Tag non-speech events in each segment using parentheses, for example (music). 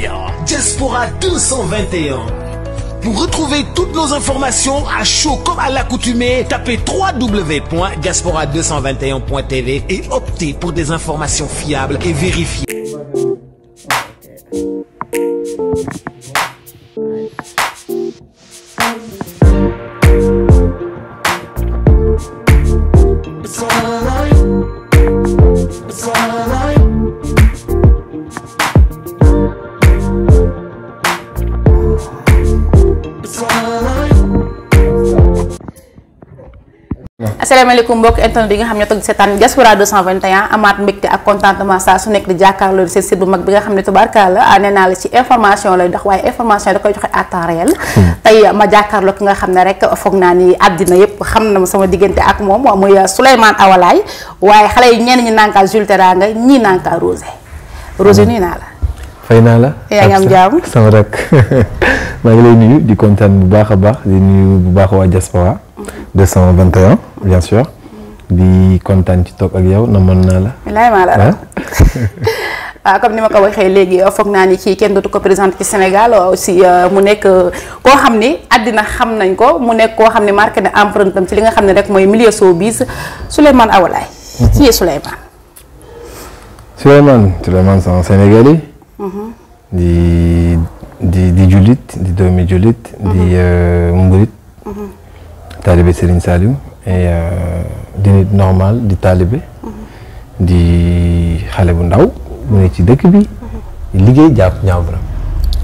2021. Diaspora 221. Pour toutes nos informations à chaud comme à l'accoutumée, tapez www.diaspora221.tv et optez pour des informations fiables et vérifiées. asalaamaaleykum mbokk internet yi nga xam ne toog seetaan Diaspora 221 amaat mbégte ak contentement saa su nekk di jàkkaarloo seen site bu mag bi nga xam ne tubaarkalla ah, nee naa la ci information lay dox waaye information da koy joxe à temps réel hmm. tey ma jàkkaarloo ki nga xam ne rek foog naa ni àddina yépp xam na sama diggante ak moom muy Souleymane Awalaay waaye xale yi ñenn ñi naan kaa Jules Teranga ñii naan kaa Rosé Rosé hmm. nuyu naa la fay naa la yaa ngi am jàmm sama rak (laughs) maa ngi lay nuyu bu baax a baax di nuyu bu baax waa bien sûr. di kontaan ci toog ak yow na mën naa la. laay maa la waaw (laughs) ah, comme ni ma ko waxee léegi euh, foog naa ni kii kenn dootu ko présenté ci Sénégal euh, euh, mu nekk koo xam ni àddina xam nañ ko mu nekk koo xam ne marqué na empreinte am ci li nga xam ne rek mooy milieu showbiz Souleymane Awa Laye. Mhm. qui est Souleymane. Souleymane Souleymane c'est un mhm. di di di jullit di doomi jullit. di mhm. murit. taalibe Serigne Saliou. et euh, di nit normal di taalibe mhm. di xale bu ndaw bu nekk ci dëkk bi mhm. liggéey jàpp ñaamuram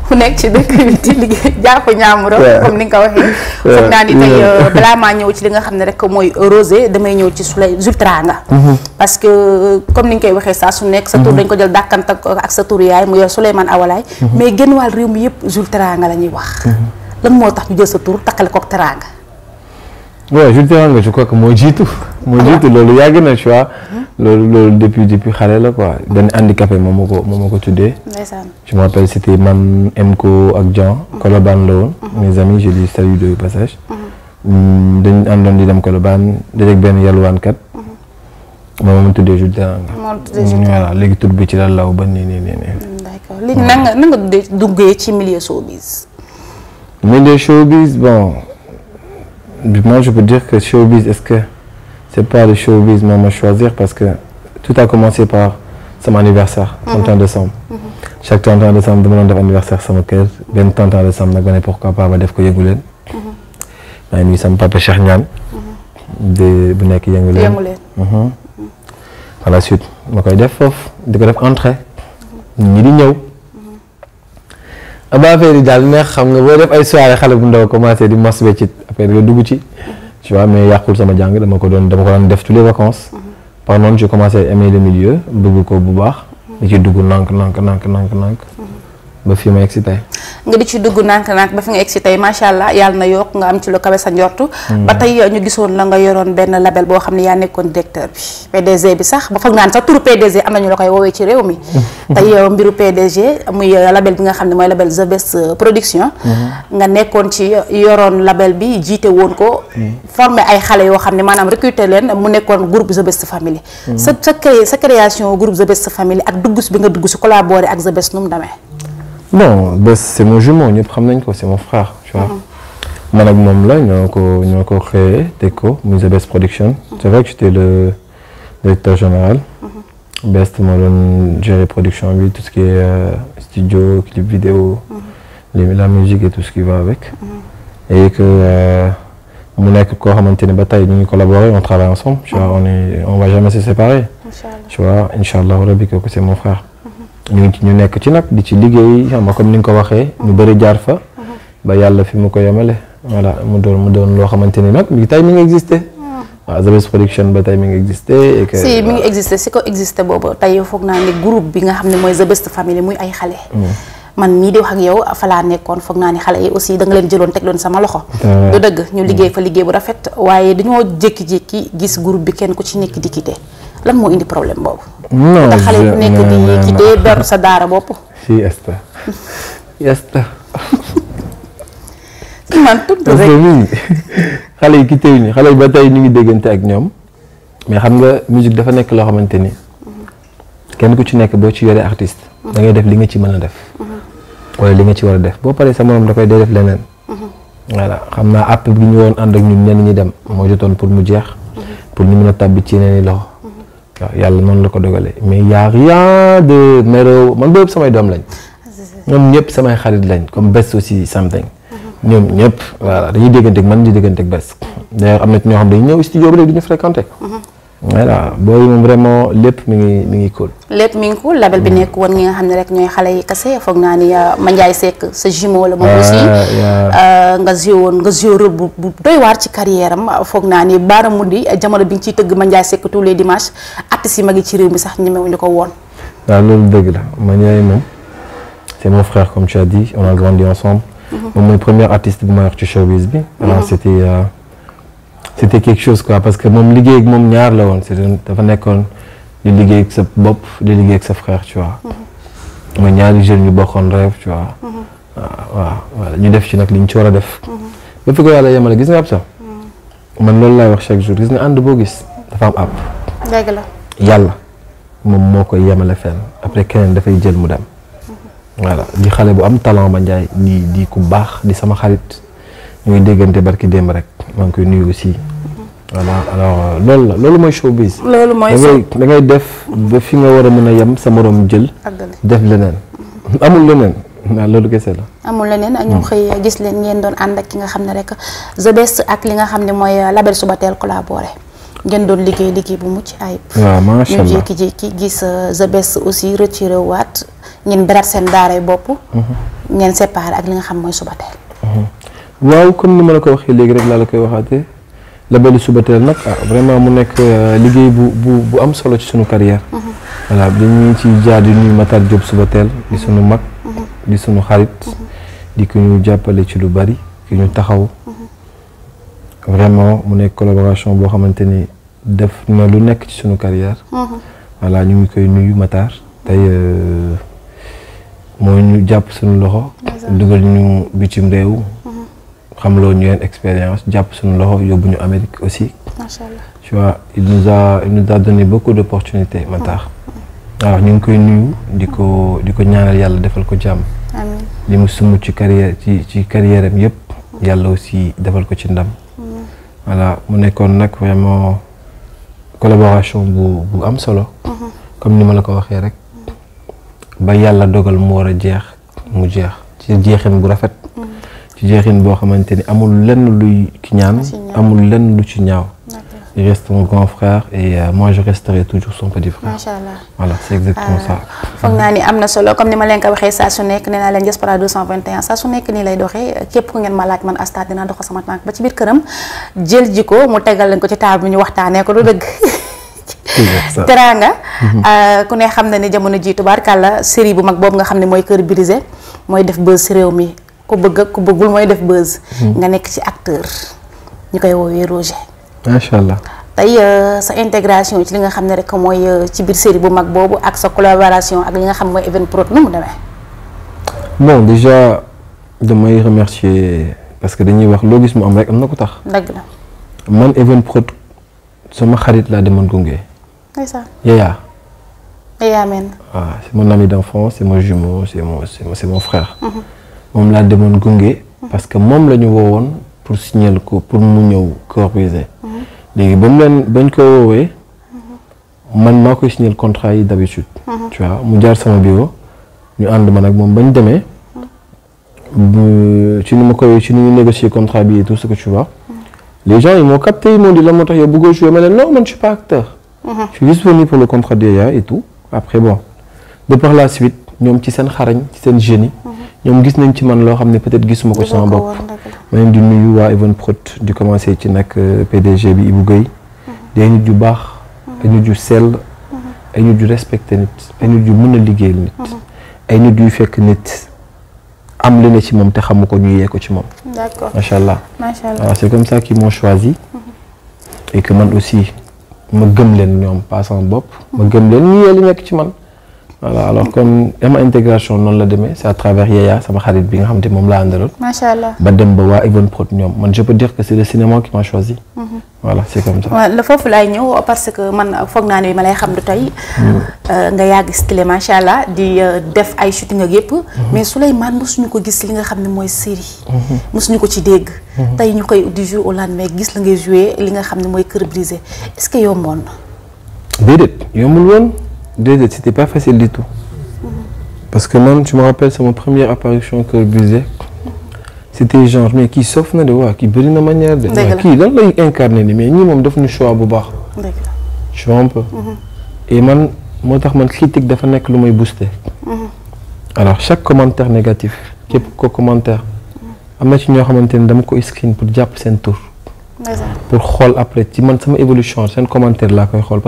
ku nekk ci dëkk di liggéey (laughs) jàpp ñaamuram comme ni nga ko waxee foog naa ni tey euh, balaa maa ñëw ci li nga xam ne rek mooy rosé damay ñëw ci sulay Zultaraanga mhm. parce que euh, comme ni nga koy waxee saa su nekk sa tur dañ ko jël dàkkanta ak sa tur yaay mu yor Souleymane Awalaay mais genn wàll réew mi yëpp Zultaraanga la ñuy wax lan moo tax ñu jël sa tur takkale kook teraanga waaw Jules Teranga je crois que moo jiitu. moo jiitu loolu yàgg na tu vois. loolu loolu depuis depuis xale la quoi benn handicapé moom moo ko moom moo ko tuddee. ndeysaan je m' rappelle c' était man Emko ak Jean. Mhm. Colobane la woon. Mhm. mes amis je les salue de passage. Mhm. Mm, dañ àndoon di dem Colobane dajeeg benn yalwaankat. moom moo tuddee Jules Teranga. moo tuddee Jules Teranga voilà léegi tur bi ci la law ba nii nii nii nii. Mm, d' accord léegi nan nga nan nga duggee ci milieu showbiz. milieu showbiz bon. moi je peux dire que showbiz, est-ce que c'est pas le showbiz moom à choisir parce que tout a commencé par sama anniversaire. 31 mhm. décembre. Mhm. chaque 31 décembre dama doon def anniversaire sama kër benn 31 décembre nag ma ne pourquoi pas ma def ko yëngu leen. Mhm. maa ngi nuyu sama papa Cheikh Niane. de bu nekk yëngu leen yëngu leen. par la suite ma koy def foofu di ko def entrée. ñi di ñëw. ba affaire yi daal neex xam nga boo def ay soirée xale bu ndaw commencé di masbe ci affaire nga dugg ci tu vois mais yàqul sama jàng dama ko doon dama ko doon def tous les vacances par contre j'ai commencé à aimer le milieu ko bu baax di ci dugg nank nank nank nank nank ba fi ma egg nga di ci dugg nànk nànk ba fi nga egg si tey macha allah yàlla na yokk nga am ci lu kawe sa njortu hmm. ba tey ñu gisoon la nga yoroon benn label boo xam ne yaa nekkoon directeur bi PDG bi sax ba foog naan koy woowee ci réew mi hmm. tey mbiru PDG muy euh, label bi nga xam ne mooy label sa Best euh, Production hmm. nga nekkoon ci euh, yoroon label bi jiite woon ko formé ay xale yoo xam ne maanaam recruté leen mu nekkoon groupe The Best Family sa sa cré sa création groupe The Best Family ak dugg si bi nga dugg si collaboré ak The Best nu mu demee non bés c'est mon jumeau ñëpp xam nañ ko c'est mon frère tu vois. Ah. man ak moom la ñoo ko ñoo ko créé teg ko muy Best Production. Ah. c'est vrai que j'étais le directeur général. Best moo doon gérer production bi tout ce qui est euh, studio clip vidéo. Ah. la musique et tout ce qui va avec. et que euh, mu nekk koo xamante ne ba tey ñu ngi collaborer on travaille ensemble. tu vois on va jamais se séparer. tu vois allah rabi kooku c'est mon frère. ñu ñu nekk ci nag di ci liggéey xam nga ni nga ko waxee ñu bëri jaar fa ba yàlla fi mu ko yemale voilà mu doon mu doon loo xamante ni nag tey mi ngi existé hmm. waaw Zabes production ba tey mi ngi existé si mi ngi existé si ko existé boobu tey foog naa ne groupe bi nga xam ne mooy Zabes famille muy ay xale hmm. man mii di wax ak yow fa laa nekkoon foog naa ni xale yi aussi da nga leen jëloon teg leen sama loxo ah. du dëgg ñu liggéey hmm. fa liggéey bu rafet waaye dañoo jékki-jékki gis groupe bi kenn ku ci nekk di quitté lan moo indi problème boobu. non je xale sa daara bopp. (laughs) si esta (laughs) (laughs) xale yi ki teew nii xale yi ba tey ñu ngi déggante ak ñoom mais xam nga musique dafa nekk loo xamante ni kenn ku ci nekk boo ci yoree artiste. da ngay def li nga ci mën a def. Mhm. wala li nga ci war a def boo paree sa morom da koy dee def leneen. Mhm. voilà xam naa app bi ñu woon ànd ak ñun ñenn ñi dem moo jotoon pour mu jeex. Mhm. pour ñu mun a tàbbi ci yeneen i loxo. waaw yàlla noonu la ko dogalee mais y' a rien de mero man boobu samay doom lañ. ñoom ñëpp samay xarit lañ comme bés aussi something ñoom ñëpp voilà dañuy dégganteeg man dañuy dégganteeg bés. d'ailleurs am na ci ñoo xam dañuy ñëw studio ba léegi du ñu voilà boobu moom vraiment lépp mu ngi mi ngi cool. lépp mi ngi cool label bi mm. nekk woon ñi nga xam ne rek ñooy xale yi kese foog naa ni euh, Mandiaye Seck sa jumeau la. moom aussi euh, nga joué woon nga joué bu doy waar ci carrière foog naa ni baara di jamono bi nga ciy tëgg Mandiaye Seck tous les dimanches artistes yi magi ci réew mi sax ñemewuñu ko woon. waaw loolu dëgg la Mandiaye moom c'est mon frère comme tu as dit on a ensemble. Mm-hmm. moom mooy premier artiste bu ma yor ci showbiz bi. alors mm-hmm. c'était. Euh... te quelque chose quoi parce que moom liggéey ak moom ñaar la woon c'est dafa nekkoon di liggéey ak sa bopp di liggéey ak sa frère tu vois. Mm-hmm. mooy ñaari jeunes yu bokkoon rêve tu vois. Mm-hmm. Ah, waaw voilà ñu def ci nag li ñu ci war a def. Mm-hmm. ba fi ko yàlla yemale gis nga ab man loolu laay wax chaque jour gis nga ànd gis dafa am ab. yàlla moom moo koy yemale fen après keneen dafay jël mu dem. voilà di xale bu am talent ba Ndiaye di di ku baax di sama xarit ñuy déggante barki démb rek. maa ngi voilà alors euh, loolu la loolu mooy showbiz. loolu mooy showbiz def ba fi nga war a mën a yem sa morom jël. def leneen amul leneen. waaw loolu kese la. amul leneen ak hmm. ñu xëy gis leen ngeen doon ànd ak ki nga xam ne rek sa Best ak li nga xam ne mooy euh, label Subatel collaboré ngeen doon liggéey liggéey bu mucc ayib. waaw macha allah ñu jékki-jékki gis euh, The Best aussi retiré waat ngeen berat seen daaray bopp. Hmm. ngeen séparé ak li nga xam mooy Subatel. waaw comme ni ma la ko waxee léegi rek laa la koy waxaatee labelu Subatel nag ah vraiment mu nekk euh, liggéey bu bu bu am solo ci sunu carrière. Mhm. voilà dañuy ci jaar di nuyu Matar suba teel di mhm. suñu mag. Mhm. di suñu xarit. di ko ñu jàppale ci lu bari ki ñu taxaw. vraiment mu nekk collaboration boo xamante ni def na lu nekk ci suñu carrière. voilà ñu ngi koy nuyu Matar tey euh, moo ñu jàpp sunu loxo. dugal ñu bitim réew. xam xamloo ñu leen expérience jàpp suñu loxo yóbbu ñu Amérique aussi. macha allah tu a il nous a donné beaucoup d' opportunités Matar. ñu ngi koy nuyu di ko di ko ñaanal yàlla defal ko jàmm. amiin li mu sumb ci carrière ci ci carrière am yëpp. yàlla aussi defal ko ci ndam. voilà mu nekkoon nag vraiment collaboration bu bu am solo. Mhm. comme ni ma la ko waxee rek. ba yàlla dogal mu war a jeex mu jeex ci jeexin bu rafet. ci jeexin boo xamante ni amul lenn luy ki ñaan amul lenn lu ci ñaaw il reste mon grand frère et euh, moi je resterai toujours son euh, foog naa ni am na solo comme ni ma leen ko waxee saa su nekk ne naa leen Diaspora saa su nekk nii lay doxee képp ku ngeen ma laaj man Asta dinaa doxal sama tànk ba ci biir këram jël ji ko mu tegal leen ko ci table bi ñu waxtaanee ko du dëgg. (laughs) teraanga mhm. euh, ku ne xam na ni jamono jii tubaarkàlla série bu mag boobu nga xam ne mooy kër brisé mooy def buzz si réew mi. ku bëgg ak ku bëggul mooy def buzz. Hmm. nga nekk ci acteur ñu koy woowee Roger. macha allah tey euh, sa intégration ci li nga xam ne rek mooy euh, ci biir série bu mag boobu ak sa collaboration ak li nga xam mooy Evenprod nu mu demee. bon déjà damay remercier parce que dañuy wax loo gis mu am rek am na ko tax. dëgg la man sama xarit laa demoon gunge. ndeysaan Yaya. Yaya Mène. waaw ah, mon ami d'enfance c'est mon jumeau c'est mon c'est mon frère. Mm-hmm. moom laa demoon gunge. Mm-hmm. parce que moom la ñu woowoon pour signaler ko pour mu ñëw corps mm-hmm. léegi ba mu leen bañ koy woowee. Mm-hmm. man maa koy signaler contrat yi d'habitude. tu vois mu jaar sama bureau ñu ànd man ak moom bañ demee. ci ni ma koy ci ni ñu négocier contra bi et ce que tu vois. les gens ils m'ont capté ils m'ont dit lan moo tax yow bëggoo jouer ma ne non man je suis pas acteur. pour le contrat de Yaya et après bon de par la suite ñoom ci seen xarañ ci seen génie. ñoom gis nañ ci man loo xam ne peut-être gisuma ko sama bopp ma leen di nuyu waa Evenprod di commencé ci nag euh, PDG bi Ibou Guèye mhm. di ay nit yu baax mhm. ay nit yu sell mhm. ay nit yu respecté nit ay nit yu mën a liggéeyal nit ay nit yu fekk nit am li ne ci moom te xamu ko ñu yee ko ci moom macha allah waaw c'est comme ça qu'ils m'ont choisi et que man aussi ma gëm leen ñoom pas bopp ma gëm leen ñu yee li nekk ci man voilà alors comme Ema intégration noonu la demee c'est à travers Yaya sama xarit bi nga xam te moom laa àndaloon. macha allah ba dem ba waa Event Prod ñoom man je peux dire que c'est le cinéma qui m'a choisi. Mhm. voilà c'est comme ça. waaw la foofu laay ñëw parce que man ma lay xam mhm. euh, euh, mhm. mosuñu ko gis li nga xam ne mooy série. mosuñu ko ci dégg. tey ñu koy du jour au lendemain gis la ngay joué li nga xam ne mooy cœur brisé est-ce que yomboon na. déedéet yombul woon. déedéet c'était pas facile du tout parce que man je me rappelle sama première apparition Kër Buse c'était genre mais kii sof na de waa kii bëri na manière de. kii lan lay incarné ni mais ñii moom daf ñu choix bu baax. je un mhm. man moo tax man critique dafa nekk lu may booster. Mhm. alors chaque commentaire négatif képp ko commentaire am na ci ñoo xamante ne dama ko screen pour jàpp seen tour pour xool après ci man sama évolution seen commentaire laa koy xool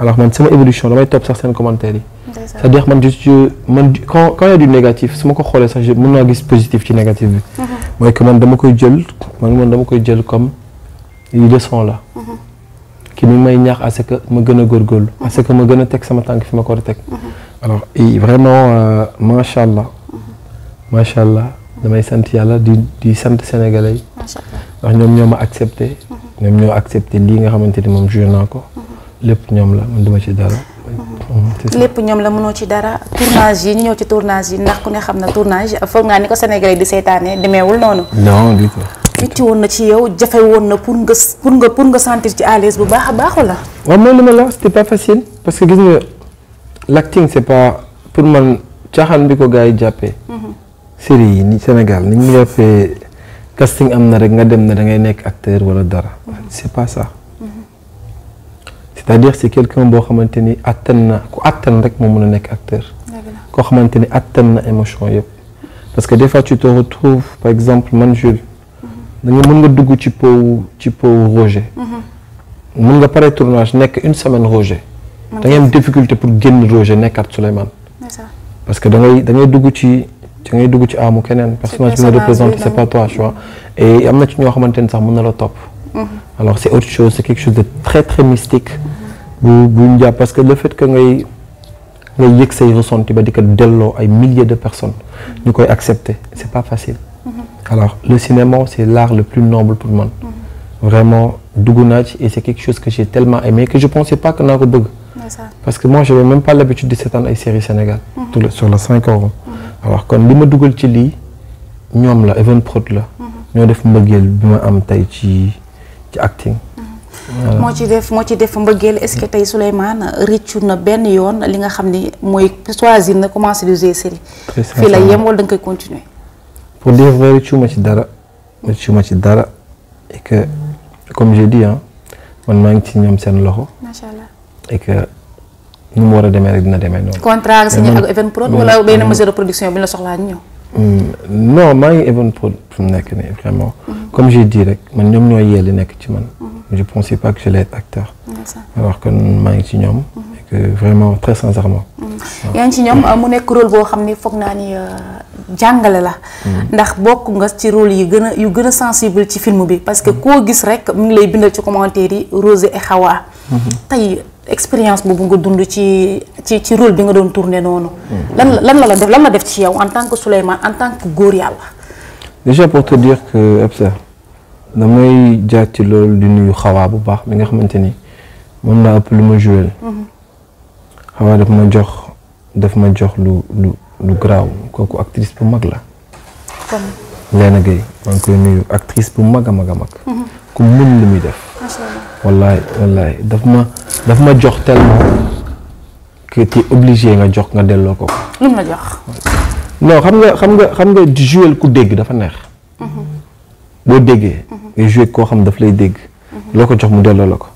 alors man sama évolution damay topp sax seen commentaire yi. c'est-à-dire man je man quand quand y ma ko xoolee sax je mën naa gis positif ci négatif bi. Mhm. mooy que man dama koy jël man man dama koy jël comme leçon la. ki mu may ñax à ce que ma gën a góorgóorlu. à ce que ma gën a teg sama tànk fi ma ko war teg. Mhm. alors et vraiment euh, macha allah. macha mhm. allah damay sant yàlla di di sant sénégalais yi. ndax ñoom ñoo ma accepté. ñoom ñoo accepté lii nga xamante ni moom joué naa ko. lépp ñoom la man duma ci dara. lépp ñoom la mënoo ci dara tournage yi ñu ñëw ci tournage yi ndax ku ne xam na tournage foog naa ni ko Sénégalais di seetaanee demeewul noonu. non du ko. métti woon na ci yow jafe woon na pour nga pour nga pour nga sentir ci à bu baax a baax wala. waaw mooy li ma pas parce que gis nga l'acting pour man caaxaan bi ko gars yi jàppee. Mhm. série yi ni sénegal ni ñu jàppee casting am na rek nga dem ne da ngay nekk acteur wala dara mhm. c'est pas ça. c'est-à-dire c'est quelqu'un boo xamante ni attan na ku attan rek moo mën a nekk acteur koo xamante ni attan na émotion yëpp parce que des fois tu te retrouves par exemple man Jules mhm. da nga mën nga dugg ci powu ci powu Roger mun mhm. nga pare tournage nekk une semaine Roger da ngay am difficulté pour génn Roger nekkaat Souleymane parce que da ngay da dugg ci da ngay dugg ci aamu keneen personnage bi nga représenté c'est pas toi tu vois am na ci ñoo xamante ni sax mun na la topp alors c'est autre chose c'est quelque chose de très très mystique bu bu ñu parce que le fait que ngay ngay yëg say ressenti ba di ko delloo ay milliers de personnes ñu koy accepter c'est pas facile mm-hmm. alors le cinéma c'est l'art le plus noble pour man mm-hmm. vraiment dugg naa ci et c'est quelque chose que j'ai tellement aimé que je pensais pas que naa ko bëgg parce que moi j'avais même pas l'habitude de seetaan ay séries Sénégal mm-hmm. sur le cinq euros alors kon li ma duggal ci lii ñoom la Evenprod la ñoo def mbëggeel bi ma am tey ci ci acting mm-hmm. moo ci def moo ci def mbëggeel est-ce que tey Souleymane rëccu na benn yoon li nga xam ni mooy choisir na commencé di jouer fii la yem wala da nga koy continuer pour dire vrai ma ci dara rëccu ma ci dara et que comme je dis man maa ngi ci ñoom seen loxo macha allah et que mu war a demee rek dina demee noonu contrat nga signé ak Even Prod wala benn mesure production bi ñu la soxlaa ñu ñëw mm, non maa ngi Even Prod fu nekk nii comme j'ai dit rek man ñoom ñooy yee nekk ci man. Mhm. je pensais pas que j'allais être acteur. alors que maa ngi ci ñoom. Mhm. et que vraiment très sincèrement. Mhm. yaa ngi ci ñoom mu nekk rôle boo xam ni foog naa ni euh, jàngale la. ndax bokk nga ci role yi gën a gën a sensible ci film bi parce que koo gis rek mu ngi lay bindal ci commentaire yi Rose et Hawa. tey expérience boobu nga dund ci ci ci rôle bi nga doon tourné noonu. lan lan la la def lan la def ci yow en tant que Souleymane en tant que góor yàlla. déjà pour te dire que Absa damay jaar ci loolu di nuyu xawaa bu baax mi nga xamante ni moom naa ëpp lu ma joué. Mhm. xawaa daf ma jox daf ma jox lu lu lu garaaw kooku actrice bu mag la. comme Léna Gueye maa koy nuyu actrice bu mag a mag a mag. Mhm. ku mën li muy def. macha allah daf ma daf ma jox tellement que tu es obligé nga jox nga delloo ko. lu no xam nga xam nga xam nga jouer ku dégg dafa neex. Mm-hmm. boo déggee. Mm-hmm. nga jouer koo xam daf lay dégg. Mm-hmm. loo ko jox mu delloo la ko.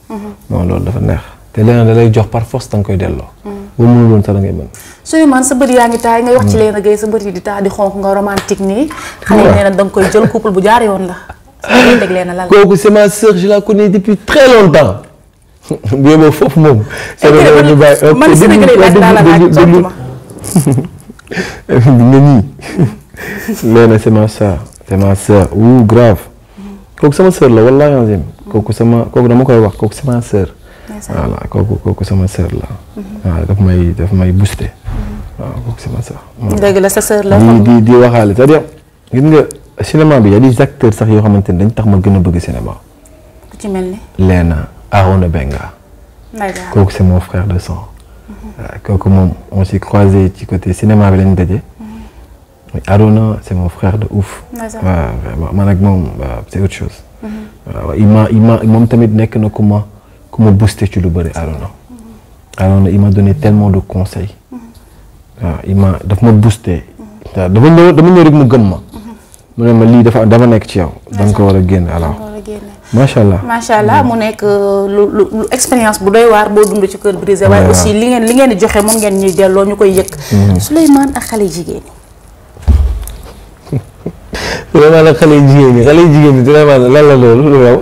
loolu dafa neex te leneen da lay jox par force da koy delloo. boo mënul woon sax da ngay mën. Souleymane sa bët Leena Gueye sa bët di taay di xonk nga romantique nii. da nga koy jël bu jaar yoon la. kooku c'est ma sœur je la connais depuis très longtemps. bu (laughs) yeboo foofu moom. c' est vrai bàyyi. man Sénégalais (laughs) nii nee na c'est ma soeur c'est ma soeur grave kooku sama soeur la wallaahi azim kooku sama kooku dama koy wax kook sama soeur. voilà kooku kooku sama soeur la. waaw daf may daf may booster. waaw la sa soeur la di di waxaale c'est-à-dire gis nga bi y a des sax yoo xamante ni dañ tax ma gën a bëgg cinéma. ku ci Benga. kooku c'est mon de sang. kooku moom on s'est croisé ci côté cinéma bi lañ daje. Mm-hmm. Arona c'est mon frère de ouf. waaw moom c'est autre chose. waaw mm-hmm. il m'a tamit nekk na ku ma ku ci lu bëri Arona. Mm-hmm. Arona il m'a donné tellement de conseils. waaw m'a daf ma boosté. dama ñëw dama ñëw rek mu gëm ma. ma dafa nekk ci yow. da nga ko war a génn macha allah macha allah mu nekk euh, lu lu expérience bu doy waar boo dund ci kër Brisé. waaye aussi li ngeen li ngeen di joxe moom ngeen ñuy delloo ñu koy yëg. Mm-hmm. Souleymane ak xale jigéen ñi. (laughs) Souleymane ak xale jigéen ñi xale jigéen ñi Souleymane lan la loolu lu raw.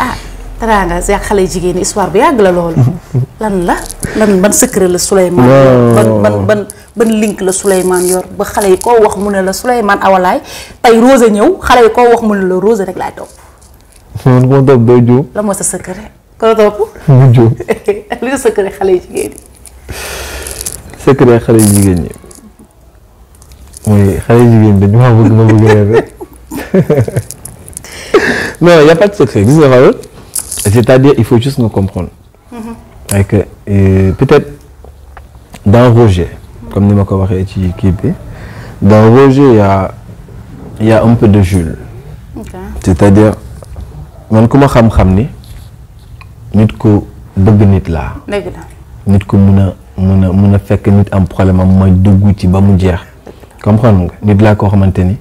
ah teraanga ak xale jigéen ñi histoire bu yàgg la loolu. (laughs) lan la lan ban secret la Souleymane. ban ban ban ban link la Souleymane yor ba xale yi koo wax mu ne la Souleymane Awalaay tey Rose ñëw xale yi koo wax mu ne la Rose rek laay topp. man ku ma topp doo juum. lan moo sa secret. ko topp. mu juum. li (laughs) sa secret xale yu jigéen ñi. secret xale yu jigéen ñi mooy xale yu jigéen ñi dañu maa bëgg ma bëgg leen rek (laughs) non y' a pas de secret gis nga xamal c' est à dire il faut juste nga comprendre. ay mm-hmm. que peut être dans Roger. comme ni ma ko waxee ci kii bi dans Roger y' a y' a un peu de Jules. c' est à dire. man ku ma xam-xam ni nit ku bëgg nit laa. nit ku mun a mun a mun a fekk nit am problème am ma dugg ci ba mu jeex. comme xam nga nit laa koo xamante ni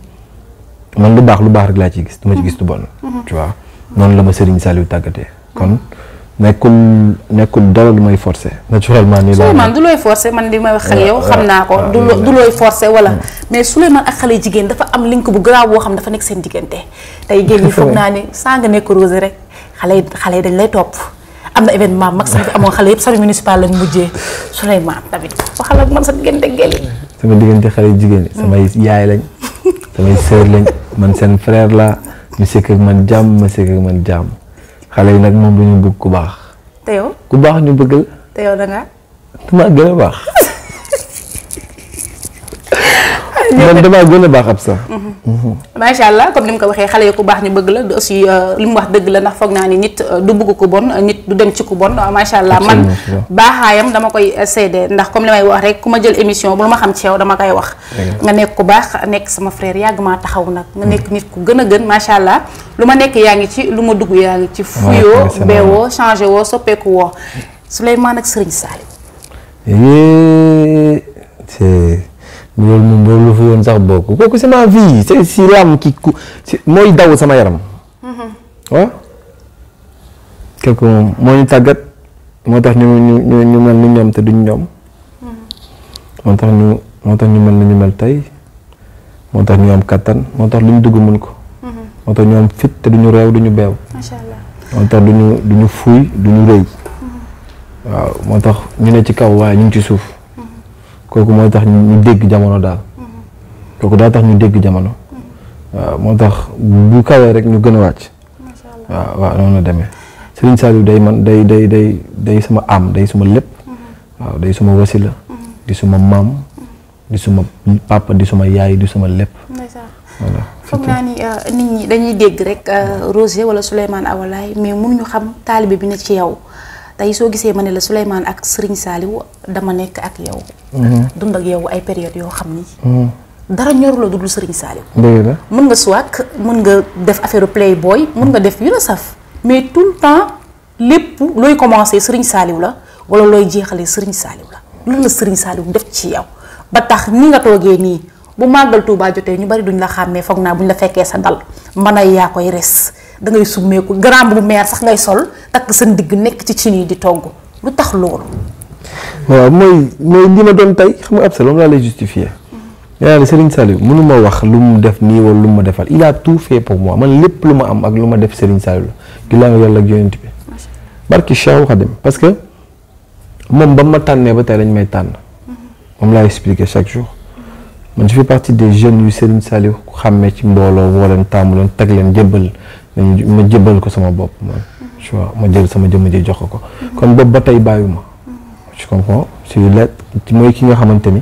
man lu baax lu baax rek laa ci gis du ma ci gis du bon. Mm-hmm. tu noonu la ma Serigne Saliou tàggatee kon. Mm-hmm. nekkul nekkul dara lu may forcé naturellement nii la Souleymane du looy forcé man li may wax ak yow xam naa ko du looy forcé wala mm. mais Souleymane ak xale jigéen dafa am link bu garaaw boo xam ne dafa nekk seen diggante tey génn ñi foog naa ni (laughs) saa nga nekk rosé rek xale xale dañ lay topp am na événement mag sax bi amoon xale yëpp sax municipal lañ mujjee Souleymane tamit waxal ak man sa diggante géli sama diggante xale jigéen ñi mm. samay yaay lañ samay sœur lañ man seen la mu sekk man jàmm ma sekk ak man jàmm xale yi nag moom du ñu bëgg ku baax. te yow ku baax ñu bëgg la. te yow gën a baax. man damaa gën a baax ab sax. Mhm. macha allah comme ni mu ko waxee xale yi ku baax ñu bëgg la aussi euh, li mu wax dëgg la ndax foog naa ni nit euh, du bëgg ku bon nit du dem ci ku bon euh, macha allah man baaxaayam dama koy seede ndax comme li may wax rek ku ma jël émission bu ma xam ci yow dama koy wax. nga nekk ku baax nekk sama frère yàgg maa taxaw nag. nga nekk nit ku gën a gën macha allah lu ma nekk yaa ngi ci lu ma dugg yaa ngi ci. fuyoo beewoo changé woo soppeeku woo Souleymane ak Serigne Saliou. Eh, loolu moom loolu fa yoon sax bokk kooku c'est ma vie c'est si lam ki ku mooy daw sama yaram waaw mm-hmm. kooku moom moo tàggat moo tax ñu ñu ñu mel ni ñoom te duñ ñoom mm-hmm. moo tax ñu moo tax ñu mel ni ñu mel tey moo tax ñu am kàttan moo tax lu ñu dugg mën ko mm-hmm. moo tax ñu am fit te du ñu reew du ñu allah moo tax duñu duñu fuuy duñu rëy waaw moo tax ñu ne ci kaw waaye ñu ngi ci suuf kooku mooy tax ñu dégg jamono daal mm-hmm. kooku daa tax ñu dégg jamono mm-hmm. waaw moo tax bu kawee rek ñu gën a wàcc waaw waaw noonu demee Serigne Saliou day man day day day day suma am day suma lépp mm-hmm. waaw day suma wasila di suma maam di suma papa di suma yaay di suma lépp voilà foog naa ni euh, nit ñi dañuy dégg rek euh, Roger wala Souleymane Awalaay mais mënuñu xam taalibe bi ne ci yow tey soo gisee ma ne la Souleymane ak Serigne Saliou dama nekk ak yow. Mhm. dund ak yow ay période yoo xam ni. Mhm. dara ñor la dul Serigne Saliou. dëgg la mën nga swag mën nga def affaire playboy mën nga def yu la saf mais tout le temps lépp looy commencé Serigne Saliou la wala looy jeexalee Serigne Saliou la loolu la Serigne Saliou def ci yow ba tax ni nga toogee nii bu màggal Touba jotee ñu bari duñ la xàmmee foog naa buñ la fekkee sa dal mën yaa koy res. da ngay summeeku grand bu meer sax ngay sol takk sa ndigg nekk ci cin yi di togg lu tax loolu. waaw mooy mooy li ma doon tey xam nga Absalom laa lay justifier. yaa ngi wax lu mu def nii lu ma defal il a fait pour moi man lépp lu ma am ak lu ma def Serigne Saliou la gillaanga yàlla ak yonent bi. barki Cheikh Khadim parce que moom ba ma tànnee ba tey dañ may tànn. moom laa expliqué chaque jour. man je fais partie des jeunes yu Serigne Saliou xàmmee ci mbooloo woo leen taamu leen teg leen jëbbal ma jëbbal ko sama bopp man ma jël sama jëmm ji jox ko kon boobu ba tey bàyyi ma tu comprends si la mooy ki nga xamante ni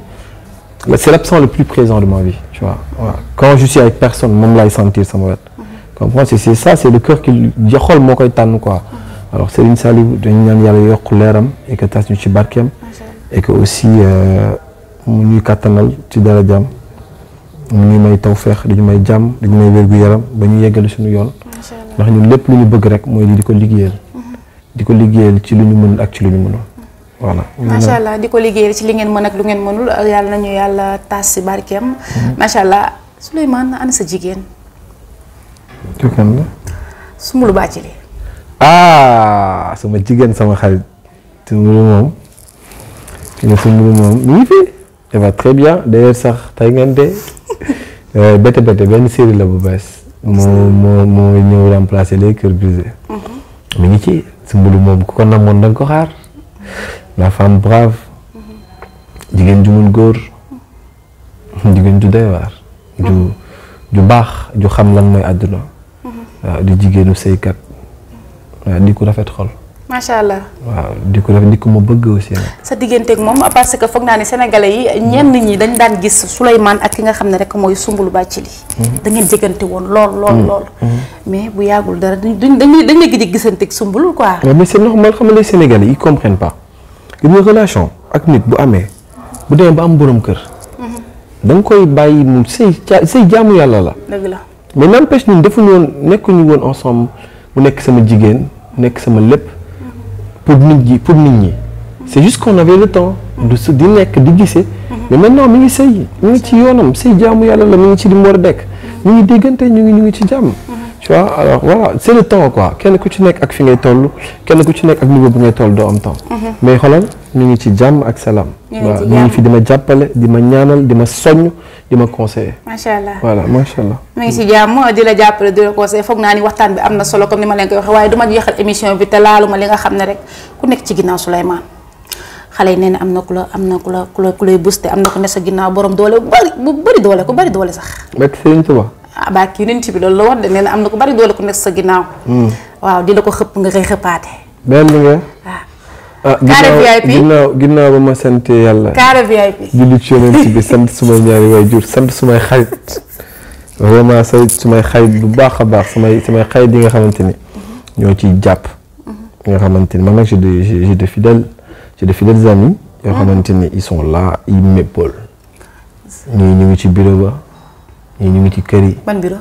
c'est l'absent le plus présent de ma vie tu vois quand je suis avec personne moom laay sentir sama wet comprends c'est c'est ça c'est le cœur qui joxol moo koy tànn quoi alors Serigne Saliou dañu ñaan yàlla yokk leeram et que tas ñu ci barkeem et que aussi euh, mu ñuy kàttanal ci dara jàmm mu ñuy may tawfeex dañu may jàmm dañu may wér yaram ba ñu yeggale suñu yoon ndax ñun lépp lu ñu bëgg rek mooy di ko liggéeyal mhm. di ko liggéeyal ci lu ñu mën ak ci lu ñu mënul voilà mhm. allah di ko liggéeyal ci li ngeen mën ak lu ngeen mënul euh, yàlla nañu yàlla taas si barkeem mhm. macha allah Souleymane ana sa jigéen Soumboulou Bathily ah sama jigéen sama xarit Soumboulou moom moom mi ngi fi ça très bien d'ailleurs sax tey ngeen de (laughs) euh, bete bete benn série la bu bees moo moo moo ñëw remplacer les cœurs brisés. Mhm. mi ngi ci Soumboulou moom ku ko namoon da ko xaar la femme brave. Mhm. jigéen ju mun góor. Mhm. jigéen ju doy waar. ju ju baax ju xam lan mooy àdduna. waaw di jigéenu sëykat. waaw di ku rafet xol. macha allah waaw di ko def nit ku ma bëgg aussi sa digganteeg moom parce que foog naa ne sénégalais yi ñenn ñi dañ daan gis Souleymane ak ki nga xam ne rek mooy Soumboulou Bathily mhm. da ngeen jëgante woon lool lool mhm. lool mhm. mais bu yàggul dara dañ dañ dañ la gëj a gisanteeg Soumboulou quoi mais c'est normal xam nga les sénégalais yi comprennent pas gis nga relation ak nit bu amee bu demee ba am borom kër da nga koy bàyyi mu sëy sëy jaamu yàlla la dëgg la mais n'empêche ñun defuñu woon nekkuñu woon ensemble mu nekk sama jigéen nekk sama lépp pour nit ñi pour nit ñi c'est juste qu'on avait le temps de se di nekk di gisee mhm. mais maintenant mi ngi sëy mi ngi ci yoonam sëy jàmm yàlla la mi ngi ci li war a dekk ñu mhm. ngi déggante ñu ngi ñu ngi ci jàmm mhm. tu vois alors voilà temps quoi kenn ku ci nekk ak fi ngay toll kenn ku ci nekk ak niveau bu ngay toll doo am temps. Mhm. mais xoolal ñu ngi ci jàmm ak salaam. ñu ngi fi di ma jàppale di ma ñaanal di ma ma conseiller. macha ngi si jàmm di la jàppale di la conseiller foog naa ni waxtaan bi am na solo comme ni ma leen koy waxee waaye du ma jeexal émission bi te laalu ma li nga xam ne rek ku nekk ci ginnaaw Souleymane xale yi nee na am na ku la am na ku la ku ku lay booster am na ku ne sa ginnaaw borom doole bu bari doole ku bari doole sax. rek Serigne abaak ah, yonent bi loolu la wax de nee na am na ko bari doole ko nekk sa ginnaaw. Hmm. waaw di la ko xëpp nga koy xëppaate. benn nga. ah, ah ginnaaw ginnaaw ba ma sant yàlla. carré VIP. julli ci yonent bi (laughs) sant sumay ñaari waajur sant sumay xarit vraiment say sumay xarit bu baax a baax sumay sumay xarit yi nga xamante ni ñoo ciy jàpp. Mhm. nga xamante ni man nag j'ai de j'ai de fidèles j'ai de fidèles amis. yoo mhm. xamante ni ils sont là ils m'épaulent. ñii ñu ngi ci bureau ba. ñu ngi ci kër yi. ban bureau.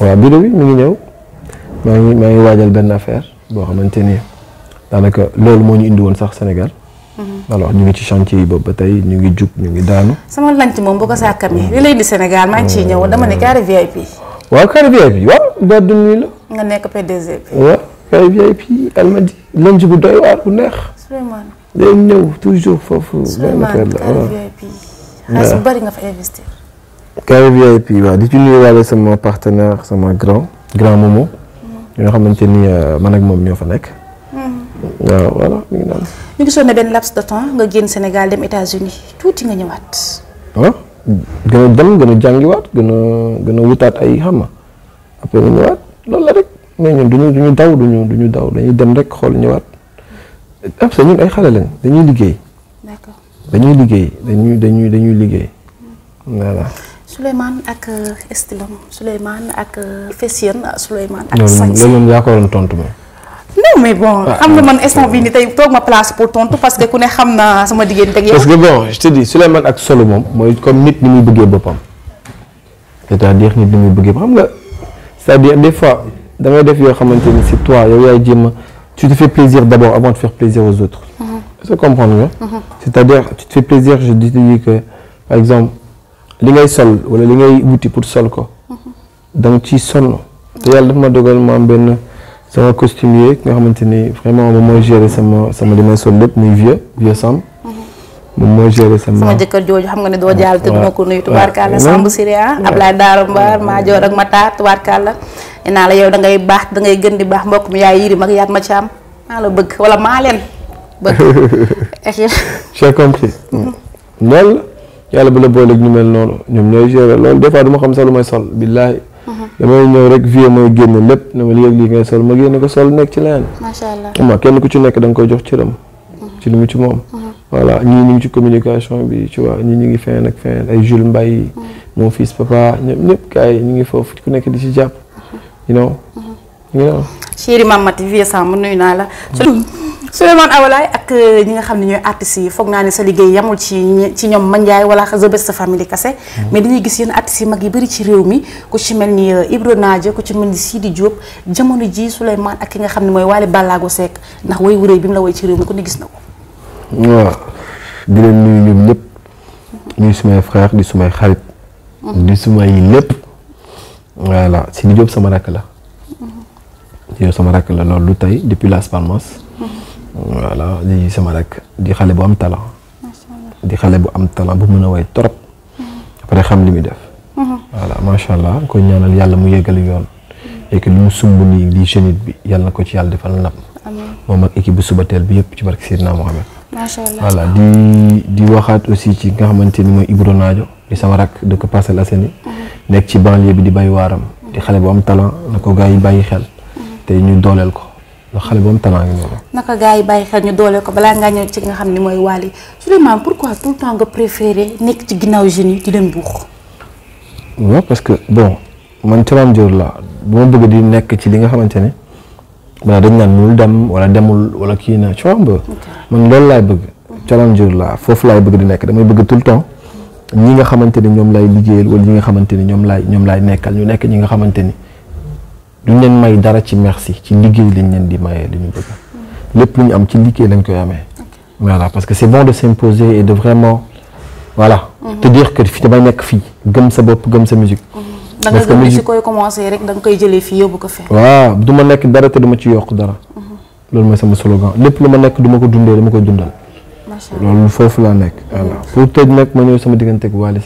waaw bureau bi mu ngi ñëw maa ngi maa ngi waajal benn affaire boo xamante ni daanaka loolu moo ñu indi woon sax Sénégal. Mm-hmm. alors ñu ngi ci chantier yi boobu ba tey ñu ngi jug ñu ngi daanu. sama lanc moom bu ko sàkkamee li lay di Sénégal maa ngi ciy ñëw dama ne carré VIP. waaw carré VIP waaw boobu du nuyu la. nga nekk PDG bi. E waaw carré VIP lanc bu doy waar bu neex. Souleymane bari nga fa investir. Café VIP waaw di ci nuyuwaale sama partenaire sama grand grand Momo. ñoo xamante ni euh, man ak moom ñoo fa nekk. Mm-hmm. waaw voilà mi ngi naan. ne benn laps de temps nga génn Sénégal dem États-Unis tuuti nga ñëwaat. Ah, gën a dem gën a jàngiwaat gën a wutaat ay xama après nga ñëwaat loolu la rek mais ñun duñu duñu daw duñu duñu daw dañuy dem rek xool ñëwaat. ab sa ñun ay xale lañ dañuy liggéey. dañuy liggéey dañuy dañuy dañuy liggéey Souleymane ak euh, stylam Souleymane ak euh, fashion ah, Souleymane ak sañse loolu moom yaa ko waroon tontu moom non mais bon ah, xam nga ah, man instant bii ni tey toog ma place pour tontu parce que ku ne xam na sama diggante ak te dis Souleymane ak solo moom mooy comme nit ni muy bëggee boppam c'est-à-dire ni muy bëggee xam nga c'est-à-dire des fois da def yoo xamante ni si toi yow yaay jéem tu te fais plaisir d'abord avant de faire plaisir aux autres. Mhm. est-ce nga. Mhm. c'est-à-dire tu te fais plaisir je dis que par exemple. li ngay sol wala li ngay wuti pour sol ko mhm. da ci ciy sonn te yàlla dafa ma dogal ma am benn sama costumier nga xamante ni vraiment moom mooy gérer sama sama li may sol lépp muy vieux vieux Samb. Mhm. moom mooy gérer sama sama jëkkër jooju xam nga ne doo jàll te duma ko nuyu tubaarkàlla Samb Siria ah, Ablaye Daara Mbar Maajoor ak Matar tubaarkàlla nee naa la yow da ngay baax da ngay gën di baax mbokk mi yaay yirim ak yaat ma caam maa la bëgg wala maa leen bëgg (laughs) eh, eh. yàlla bu la booleeg ñu mel noonu ñoom ñooy gérer loolu des fois du ma xam sax lu may sol billaahi mhm. damay ñëw rek vie mooy génn lépp na ma lii ak ngay sol ma génn ko sol nekk ci leneen macha allah kenn ku ci nekk da koy jox cëram mhm. ci li mu ci moom mhm. voilà ñii ñu ngi ci communication bi tu vois ñii ñu ngi feneen ak feneen ay Jules Mbaye mon fils papa ñëpp ñëpp gars yi ñu ngi foofu ku nekk di ci jàpp you know you know chéri Mame Maty Vieux Samb nuyu naa la Souleymane Awalaay ak euh, ñi nga xam ne ñooy artistes yi foog naa ne sa liggéey yamul ci ci ñoom Mandiaye wala The Best Family kase mm-hmm. mais dañuy gis yéen artistes yi mag yi bëri ci réew mi ku ci mel ni euh, Ibro Naaje ku ci mel ni Sidi Diop jamono ji Souleymane ak ki nga xam ne mooy Waly Ballago Seck ndax way wuréy bi mu la woy ci réew mi ku ne gis na ko waaw di leen ñoom ñëpp ñuy sumay frère di sumay xarit mm-hmm. di sumay lépp voilà la Sidi Diop sama rakk la mm-hmm. loolu du tey depuis Las Palmas voilà di sama rek di xale bu am talent. di xale bu am talent bu mën a way trop. Mm-hmm. après xam li muy def. Mm-hmm. voilà macha allah ko ñaanal yàlla mu yeggal yoon. Mm-hmm. et que li mu sumb nii di jeunit bi yàlla na ko ci yàlla defal napp. moo ak équipe bu suba teel bi yëpp ci barke Seydina naa macha allah voilà di di waxaat aussi ci nga xamante ni mooy Ibro Naajo di sama rak dëkk la Assainies. nekk ci banlieue bi di bay waaram. di xale bu am talent na ko gars yi bàyyi xel. te ñu dooleel ko. ndax xale boobu talent ngi noonu. naka gars yi bàyyi xel ñu doole ko balaa ngaa ñëw ci nga xam ne mooy Wally Souleymane pourquoi tout temps nga préféré nekk ci ginnaaw jeunes yi di leen buux. non parce que bon man Calam Dior la bu ma bëgg di nekk ci li nga xamante ne balaa dañ naan mënul dem wala demul wala kii na coom ba. man loolu laay bëgg. Mhm. Calam Dior la foofu laay bëgg di nekk damay bëgg tout le temps ñi nga xamante ni ñoom lay liggéeyal wala ñi nga xamante ni ñoom laay ñoom laay nekkal ñu nekk ñi nga xamante ni. duñ leen may dara ci merci ci liggéey lañ leen di mayee li ñu bëgg lépp lu ñu am ci liggéey lañ koy amee voilà parce que c'est bon de s'imposer et de vraiment voilà mhm. te dire que fi damay nekk fii gëm sa bopp gëm sa musique mhm. parce que musique koy commencé rek da nga koy jëlee fii yóbbu ko fee waaw du ma nekk dara te du ci yokk dara mhm. loolu mooy sama slogan lépp lu ma nekk du ma ko dundee dama koy dundal loolu foofu laa nekk voilà mm. pour tëj nag ma ñëw sama digganteeg Wally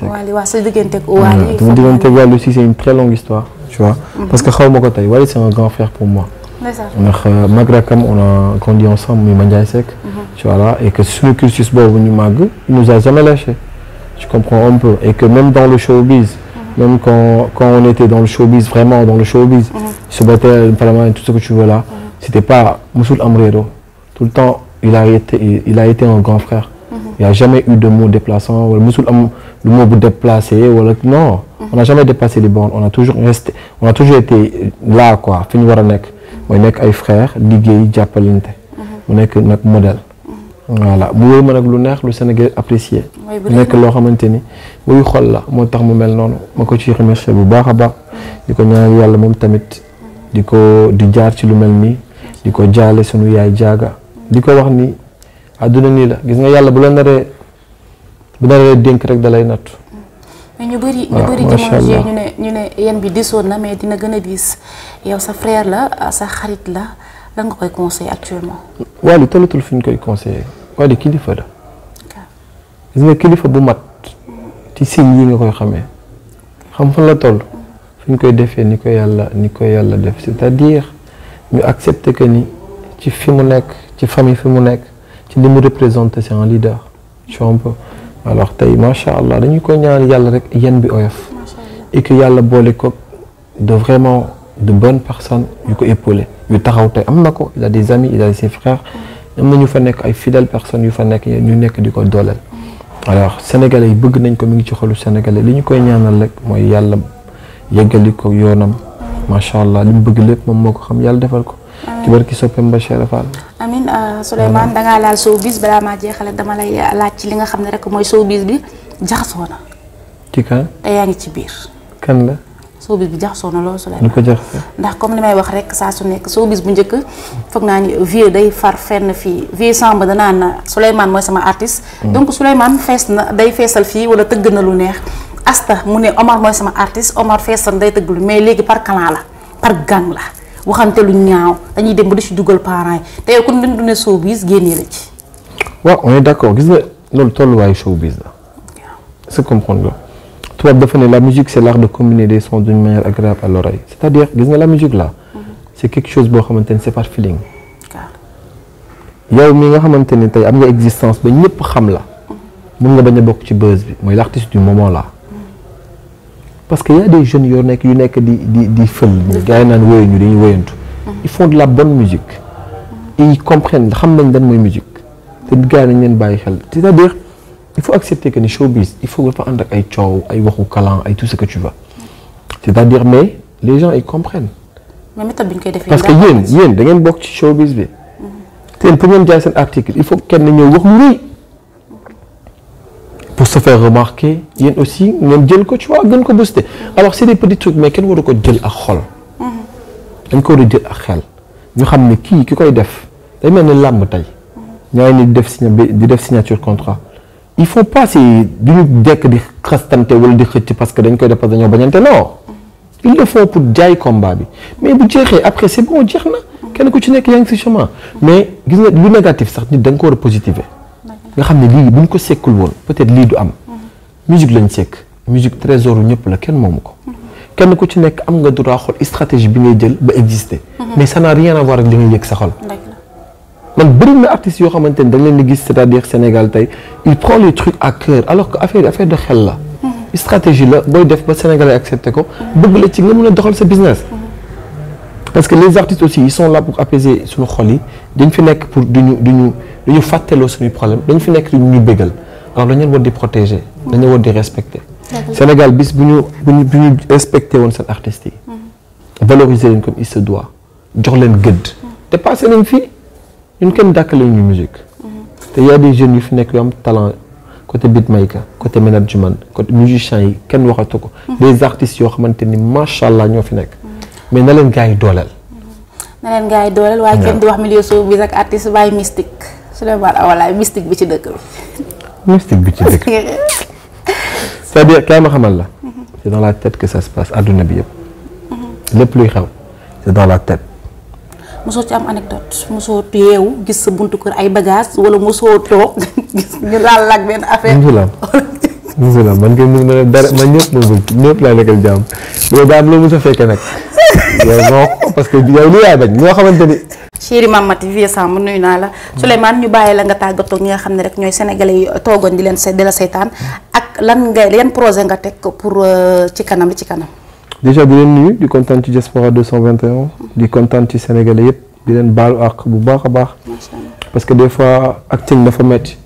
sa digganteeg Wally. sama digganteeg très longue histoire. Mm-hmm. parce que xaw ma ko c'est un grand frère pour moi. ndax euh, on a grandi ensemble muy Mandiaye Seck. Mm-hmm. tu vois là et que suñu cursus boobu ñu màgg il nous a jamais lâché. tu comprends un peu et que même dans le showbiz. Mm-hmm. même quand quand on était dans le showbiz vraiment dans le showbiz. suba tout ce que tu veux là. c'était pas musul am il a été il a un grand frère. Mhm. il jamais eu de mot déplaçant wala mosul am lu mot bu déplacé wala non. Mhm. on n'a jamais dépassé les bornes on a toujours resté on a toujours été là quoi fi ñu war a nekk. mooy nekk ay frères liggéey jàppalante. Mhm. mu nekk nag modèle. voilà mu wéy ma nag lu neex lu Sénégal apprécié. nekk loo xamante ni muy xol la moo tax mu mel noonu ma ko ciy remercier bu baax a baax. di ko ñaanal yàlla moom tamit. di ko di jaar ci lu mel nii. di ko jaale sunu yaay jaaga. di ko wax ni àdduna nii la gis nga yàlla bu la naree bu naree dénk rek dalay nattu mais ñu bëri ñu bëri jamono ji ñu ne ñu ne yéen bi disoon na mais dina gën a diis yow sa frère la sa xarit la lan nga koy conseiller actuellement Wally tollatul fi ñu koy conseiller Wally kilifa la gis nga kilifa bu mat ci signe yi nga koy xamee xam fan la toll fi ñu koy defee ni ko yàlla ni ko yàlla def c'est-à-dire ñu accepter que ni ci fi mu nekk ci famille fi mu nekk ci li mu représenté c'est un leader tu vois alors tey macha allah dañu ko ñaan yàlla rek yen bi oyof et yàlla boole ko de vraiment de bonnes personnes yu ko épaulé yu taxaw tey am na ko il a des amis il a ses frères am na ñu fa nekk ay fidèles personnes yu fa nekk ñu nekk di ko dooleel. alors sénégalais yi bëgg nañ ko mu ngi ci xolu sénégalais li ñu koy ñaanal rek mooy yàlla yeggali ko yoonam macha allah li mu bëgg lépp moom moo ko xam yàlla defal ko. ci barki soppeem Bachir Fall. amiin euh, Souleymane dangaa laal showbiz balaa maa jeexale dama lay laaj ci li nga xam ne rek mooy showbiz bi jaxasoo na. te yaa ngi ci biir. kan la. showbiz bi jaxasoo na lool Souleymane. lu ko jaxasoo ndax comme li may wax rek saa su nekk showbiz bu njëkk foog naa ni vieux day far fenn fii vieux samba danaa na Souleymane mooy sama artiste. Mm. donc Souleymane fees na day feesal fii wala tëgg na lu neex. Asta mu ne Omar mooy sama artiste Omar feesal day tëgg lu mais léegi par la par gang la. waxante lu ñaaw dañuy dem ba di si dugal parents yi te yow kon dañu doon ne showbiz génnee la ci. waaw on est d'accord gis nga loolu tolluwaayu showbiz la. waaw comprendre nga tubaab dafa ne la musique c'est de combiner des sons d'une manière agréable à l'oreille c'est-à-dire la musique là. Mm-hmm. c'est quelque chose boo xamante ni c'est par feeling. yow mi nga xamante ni tey am nga existence ba ñëpp xam la. mën mm-hmm. nga bañ a bokk ci buzz bi mooy l'artiste du moment là. parce que y a des jeunes yoo nekk yu nekk di di di fël ñi gars yi naan wéyuñu dañuy wéyantu mhm. ils font de la bonne musique ils comprennent xam nañ dan mooy musique te gars yi nañ leen bàyyi xel c'est-à-dire il faut accepter que ni showbiz il faut dafa ànd ak ay coow ay waxu kalan ay tout ce que tu veux c'est-à-dire mais les gens ils comprennent parce que yéen yéen da ngeen bokk ci showbiz bi mhm. te pour ngeen jaay seen article il faut kenn ñëw wax lu pour se faire remarquer yéen aussi ngeen jël ko ci vois gën ko booster alors c'est des petits trucs mais kenn waru ko jël ak xol. dañ ko war a jël ak xel ñu xam ne kii ki koy def day mel ni làmb tey ñaari nit def signa di def signature contrat il faut pas si du ñu dekk di xastante wala di xëcc parce que dañ koy def parce que dañoo bañante non il le faut pour jaay combat bi mais bu jeexee après c'est bon jeex na kenn ku ci nekk yaa ngi si chemin mais gis nga lu négatif sax nit da nga ko war a nga xam ne lii bu ñu ko sekkul woon peut-être lii du am. Mm-hmm. musique lañ sekk musique trésor ñëpp la kenn moomu ko. Mm-hmm. kenn ku ci nekk am nga du xool stratégie bi ngay jël ba exister. Mm-hmm. mais ça n'a rien à voir ak li ngay yëg sa xol. man bëri na artistes yoo xamante ni dañ leen di gis c'est-à-dire Sénégal tey il prend les trucs à cœur alors que affaire affaire de xel la. stratégie la booy def ba Sénégalais accepté ko. bëgg la ci nga mun a doxal sa business. parce que les artistes aussi ils sont là suñu xol yi dañ fi nekk pour duñu duñu duñu fàtteloo suñuy problème dañ fi nekk duñu ñu bégal alors dañu leen war di protéger dañu war di respecter Sénégal bis bu ñu bu ñu bu ñu woon seen artistes yi mm-hmm. valoriser leen comme il se doit jox leen gëdd te passé nañ fii ñun kenn dàkkale ñu musique mm-hmm. te y a des jeunes yu fi nekk yu am talent côté beatmaker côté management côté musicien yi kenn waxatu ko mm-hmm. des artistes yoo xamante ni macha allah ñoo fi nekk mais na leen gars yi dooleel. na leen gars yi dooleel waaye kenn di wax milieu suuf bi ak artiste bàyyi mystique Souleymane Awalaay mystique bi ci dëkk bi. mystique bi ci dëkk (laughs) c'est-à-dire kaay ma xamal la. adduna bi yëpp. lépp luy xew c'est dans la tête. mosoo ci am anecdote mosoo yeewu gis sa buntu kër ay bagages wala mosoo toog (laughs) gis ñu laal la ak benn affaire. bisimilah man kay mën na dara que yow li yaay bañ ñoo xamante ni. chéri Mamati vie naa la. Souleymane ñu bàyyi la nga tàggatoo ñi nga xam ne rek ñooy sénégalais yi toogoon di leen se di la saytaan ak lan ngay yan projet nga teg pour euh, ci kanam li ci kanam. déjà di leen nuyu di kontaan ci diaspora 221. di kontaan ci sénégalais yëpp di leen baalu àq bu baax a baax. parce que des fois acting dafa metti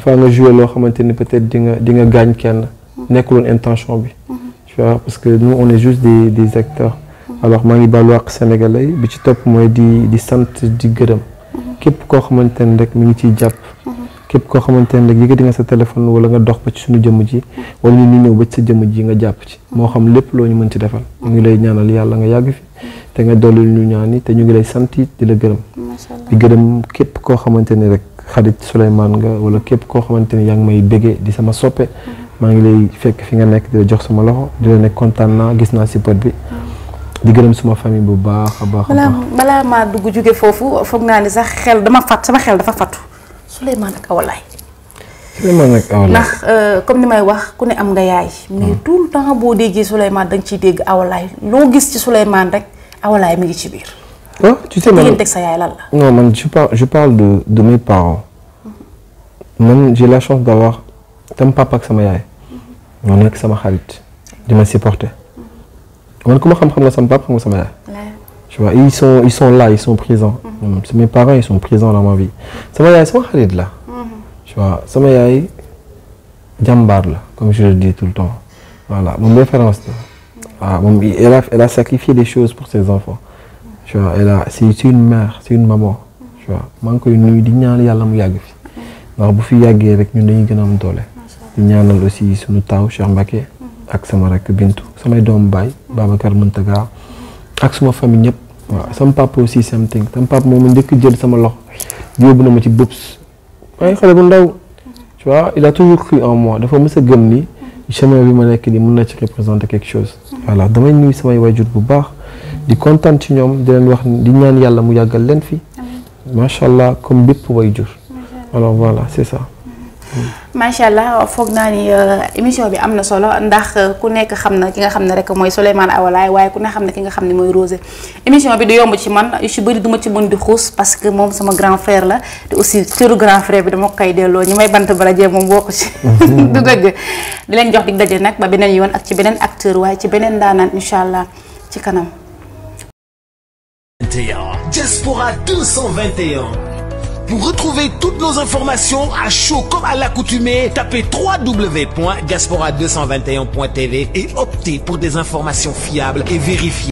des fois nga joué loo xamante ni peut-être di nga di nga gaañ kenn nekkuloon intention bi mm-hmm. tu parce que nous on est juste des des acteurs mm-hmm. maa ngi baalu àq sénégalais bi ci topp mooy di di sant di gërëm mm-hmm. képp koo xamante ne rek mi ngi ciy jàpp képp koo xamante ne rek yëkkati nga sa téléphone wala nga dox ba ci suñu jëmm ji wala ñu ci jëmm ji nga jàpp ci moo xam lépp loo ñu mën ci defal ñu ngi lay ñaanal yàlla nga yàgg fi te nga dolli ñu ñaan yi te ñu ngi lay sant di la gërëm gërëm képp koo xamante ne rek xarit Souleymane nga wala képp koo xamante ni yaa ngi may béggee di sama soppe maa ngi lay fekk fi nga nekk di la jox sama loxo di la nekk kontaan naa gis naa si pot bi di gërëm suma famille bu baax a baax. balaa balaa maa dugg jóge foofu foog naa ni sax xel dama fat sama xel dafa fatu Souleymane ak Awalaay. Souleymane ak Awalaay ndax euh, comme ni may wax ku ne am nga yaay. mais hmm. tout le temps boo déggee Souleymane da nga ciy dégg Awalaay loo gis ci Souleymane rek Awalaay mi ngi ci biir. ah tu sais man sa yaay lan la. non man je parle je parle de de mes parents. man j'ai la chance d'avoir tam papa ak sama yaay. ñoo nekk sama xarit. di ma supporter. man ku ma xam-xam nga sama papa xam nga sama yaay. tu vois ils sont ils sont là ils sont présents. Mhm. c'est mes parents ils sont présents dans ma vie. sama yaay sama xarit la. Mhm. tu vois sama yaay jàmbaar la comme je le dis tout le temps voilà ah, moom référence la. waaw moom elle a elle a sacrifié des choses pour ses tu vois et là c' est une maa ngi koy nuyu di ñaan yàlla mu yàgg fi ndax bu fi yàggee rek ñun dañuy gën am doole di ñaanal aussi suñu taaw Cheikh ak sama rakk Bintu samay doomu baay Babacar Muntaga ak suma famille ñëpp waaw sama papa aussi same thing sama papa moom njëkk jël sama loxo yóbbu na ma ci BOPS waaye xale bu ndaw tu vois a toujours cru en moi dafa mës gëm ni mm-hmm. chemin bi ma nekk nii mun na ci représenter quelque chose mm-hmm. damay nuyu samay waajur bu baax di kontaan ci ñoom di leen wax di ñaan yàlla mu yàggal leen fii macha allah comme bépp way jur alors voilà foog naa ni euh, émission bi am na solo ndax euh, ku nekk xam na ki nga xam ne rek mooy Souleymane Awalaay waaye ku ne xam ne ki nga xam ne mooy Rose émission bi du yomb ci man yu si bëri du ci mën di xuus parce que moom sama grand frère la te aussi cëru grand frère bi dama koy delloo ñi may bant ba jee moom bokku ci (laughs) du dëgg di leen jox di daje nag ba beneen yoon ak ci beneen acteur waaye ci beneen daanaan incha allah ci kanam. 21 Diaspora 221 Pour retrouver toutes nos informations à chaud comme à l'accoutumée, tapez wwwdiaspora vingt et optez pour des informations fiables et vérifiées.